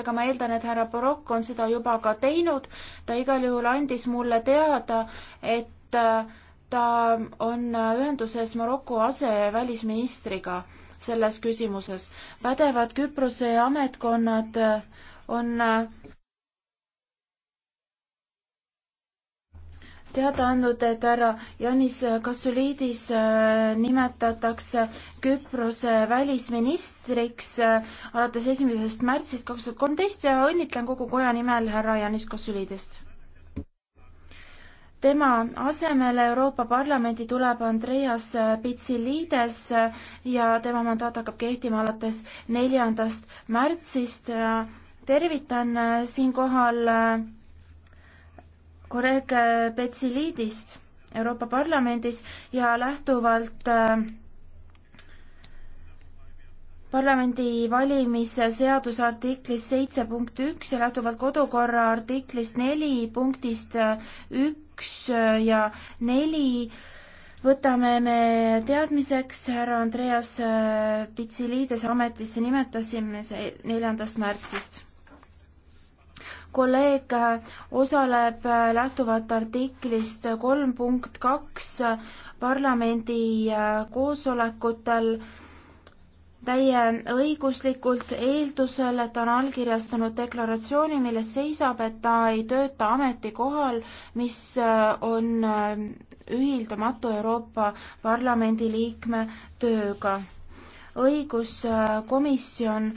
aga ma eeldan, et härra Barokk on seda juba ka teinud. ta igal juhul andis mulle teada, et äh, ta on äh, ühenduses Maroko asevälisministriga selles küsimuses. pädevad Küprose ametkonnad äh, on teada andnud, et härra Janis Kasuliidis äh, nimetatakse Küprose välisministriks äh, alates esimesest märtsist kaks tuhat kolmteist ja õnnitlen kogu koja nimel härra Janis Kasuliidist. tema asemele Euroopa Parlamendi tuleb Andreas äh, Pitsiliides ja tema mandaat hakkab kehtima alates neljandast märtsist. tervitan siinkohal kolleeg Betsilidist äh, Euroopa Parlamendis ja lähtuvalt äh, parlamendi valimise seaduse artiklist seitse punkt üks ja lähtuvalt kodukorra artiklist neli punktist äh, üks ja neli võtame me teadmiseks härra Andreas Pitsiliides ametisse nimetasime neljandast märtsist kolleeg äh, osaleb äh, lähtuvalt artiklist kolm punkt kaks äh, parlamendi koosolekutel täieõiguslikult eeldusel, et ta on allkirjastanud deklaratsiooni, milles seisab, et ta ei tööta ametikohal, mis on ühildamatu Euroopa Parlamendi liikme tööga. õiguskomisjon